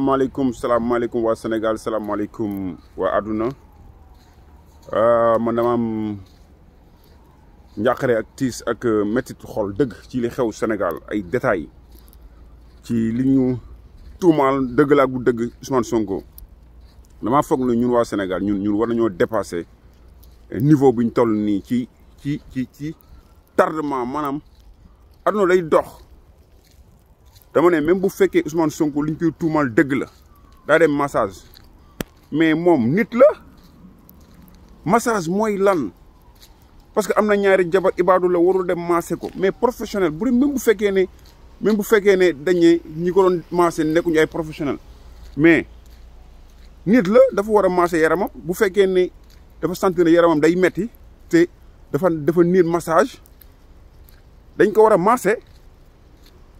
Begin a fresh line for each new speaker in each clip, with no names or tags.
maaleykum salaamaaleykum waa Sénégal salaamaaleykum waa àdduna euh, man dama am njàqare ak tiis ak euh, métit xol dëgg ci li xew Sénégal ay détails ci li ñu tuumaal dëgg la ak bu dëgg Ousmane Sonko damaa foog ne ñun waa Sénégal ñun ñun war nañoo dépassé niveau bi ñu toll nii ci ci ci ci tardement maanaam àdduna day dox. dama ne même bu fekkee Ousmane Sonko li ñu koy tuumal dëgg la daa dem massage mais moom nit la massage mooy lan parce que am na ñaari jabar ibaadu la warul dem maase ko mais professionnel bu dee bu fekkee ne même bu fekkee ne dañee ñi ko doon nekkuñu ay professionnel mais nit la dafa war a maase yaramam bu fekkee ne dafa sentir ne yaramam day metti te dafa dafa niir massage dañ ko war a maase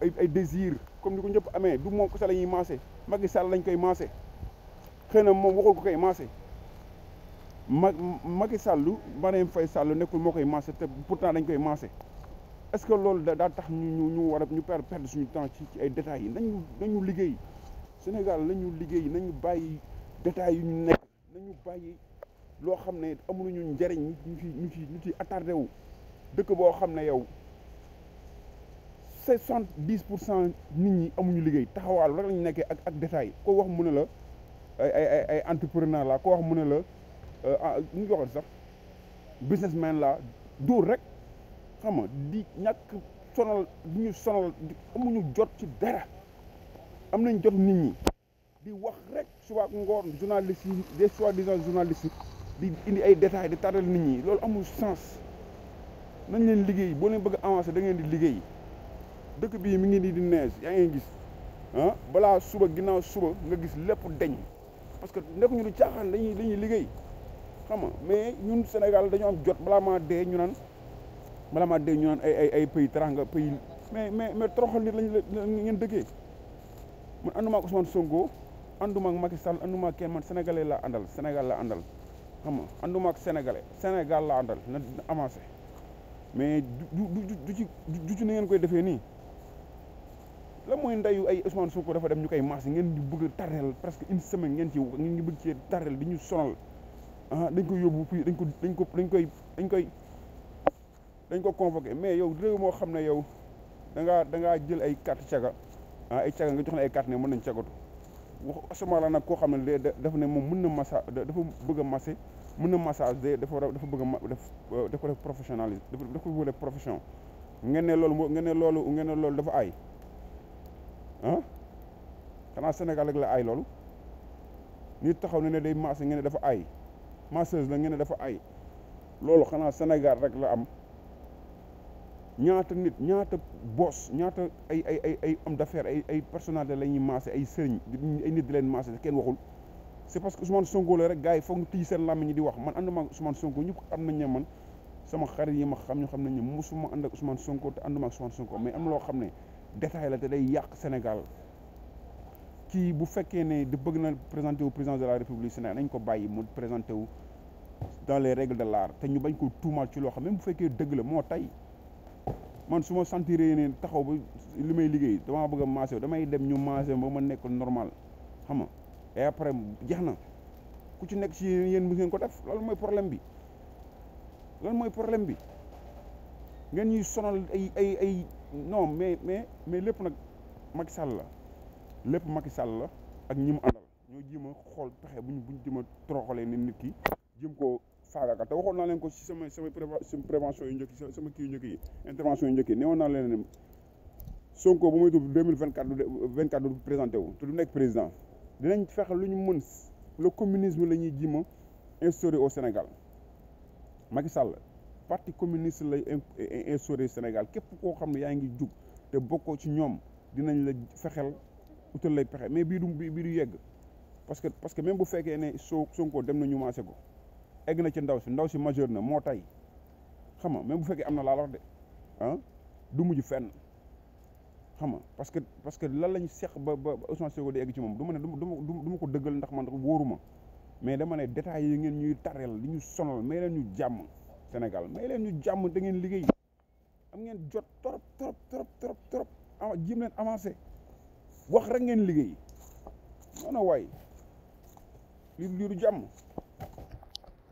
et désir comme ni ko ñëpp amé du Sall lañ koy xëna waxul ko koy Sall nekkul mo koy pourtant dañ koy est-ce que loolu da tax ñu ñu war ñu perdre suñu temps ci ay détails yi nañu nañu liggéey Sénégal lañu liggéey nañu bàyyi détails yu ñu nekk nañu bàyyi loo ne ñu ñu 70 nit ñi amuñu liggéey taxawal rek lañu nekkee ak ak détail ko wax mu ne la ay ay ay entrepreneur la ko wax mu ne la euh, ah, ñu ngi waxoon sax businessman la dóor rek xam nga di ñak sonal di ñu sonal amuñu jot ci dara am nañ jot nit ñi di wax rek suba ngor journaliste yi des soi-disant journalistes di indi ay détails di tàddal nit ñi loolu amul sens nañ leen liggéey bo leen bëgg avancer da ngeen di liggéey dëkk bi mi ngi ni di nees yaa ngi gis ah balaa suba ginnaaw suba nga gis lépp deñ parce que nekk ñu du caaxaan dañuy dañuy liggéey xam nga mais ñun Sénégal dañu am jot balaa maa dee ñu naan balaa maa dee ñu naan ay ay ay pays teranga pays mais mais mais toroxal nit lañ ngeen dëkkee man ànduma ak Ousmane Sonko ànduma ak Macky Sall ànduma ak kenn man sénégalais laa àndal Sénégal la àndal xam nga ànduma ak sénégalais Sénégal la àndal na avancé mais du du du ci du ci ni ngeen koy defee nii la moy ndayu ay Ousmane Sonko dafa dem ñukay mars ngeen di bëgg a tarrel presque une semaine ngeen ci ngeen di bëgg ci tarrel di ñu sonal ah dañ ko yobbu fi dañ ko dañ ko dañ koy dañ koy dañ ko convoquer mais yow rew mo xamne yow da nga da nga jël ay carte ciaga ah ay ciaga nga jox ne ay carte ne mën nañ ciagatu wax asama la nak ko xamne ne dafa ne moom mën na massa dafa bëgg a massé mën na massa de euh, dafa dafa bëgg a def dafa def professionnalisme dafa dafa wolé profession ngeen ne loolu ngeen ne lolou ngeen ne loolu dafa ay ah xanaa Sénégal rek la ay loolu nit taxaw ne ne day maase ngeen ne dafa ay masseuse la ngeen ne dafa ay loolu xanaa Sénégal rek la am ñaata nit ñaata boss ñaata ay ay ay ay homme d'affaires ay ay personnalité maase ay sëriñ ay nit di leen maase kenn waxul c'est parce que Ousmane Sonko la rek gars yi foog ñu tij seen làmmiñ ñi di wax man ànd ma ak Ousmane Sonko ñëpp am nañ ne man sama xarit yi ma xam ñu xam nañ ne musuma ànd ak Ousmane Sonko te ànduma ak Ousmane Sonko mais am loo xam ne. détail la day yàq Sénégal ki bu fekkee né de bëgg na présenter au président de la république Sénégal nañ ko bayyi mu présenter wu dans les règles de l'art té ñu bañ ko tuumaal ci lo xam même bu fekkee dëgg la mo tay man suma ma sentiree taxaw bu limay may liggéey damaa bëgg a maase damay dem ñu massé ba ma nekk normal xam nga et après jeex ku ci nekk ci yeen mu ngeen ko def loolu moy problème bi loolu moy problème bi ngeen ñuy sonal ay ay ay non mais mais mais lépp nag Macky Sall la lepp Macky Sall la ak ñi andal ñoo jima xol xool buñ buñ jima bu ni nit ki jéem koo faagaagal te waxoon na leen ko ci sama sama prévention yu ñëk sama ki yu ñëk yi intervention yu ñëk yi newoon na leen ne Sonko bu may tudd deux 24 vingt du présenté wu te nek président dinañ fex luñu mën le communisme lañuy jima jéem instauré au Sénégal Macky Sall parti communiste lay instauré Sénégal képp koo xam ne yaa ngi jug te bokkoo ci ñoom dinañ la fexel utal lay pexe mais bii du bii du yegg parce que parce que même bu fekkee ne soo Sonko dem na ñu ko egg na ci ndaw si ndaw si majeur na moo tay xam nga même bu fekkee am na laa wax de ah du mujj fenn xam nga parce que parce que lan lañ seq ba ba Ousmane Sonko di egg ci moom du ma ne du ma du ma ko dëggal ndax man wóoruma mais dama ne détails yi ngeen ñuy tarel li ñu sonal mais leen ñu jàmm. Sénégal may leen ñu jàmm dangeen liggéey am ngeen jot trop trop trop trop trop ah jéem leen avancé wax ngeen liggéey non non waay li li du jàmm.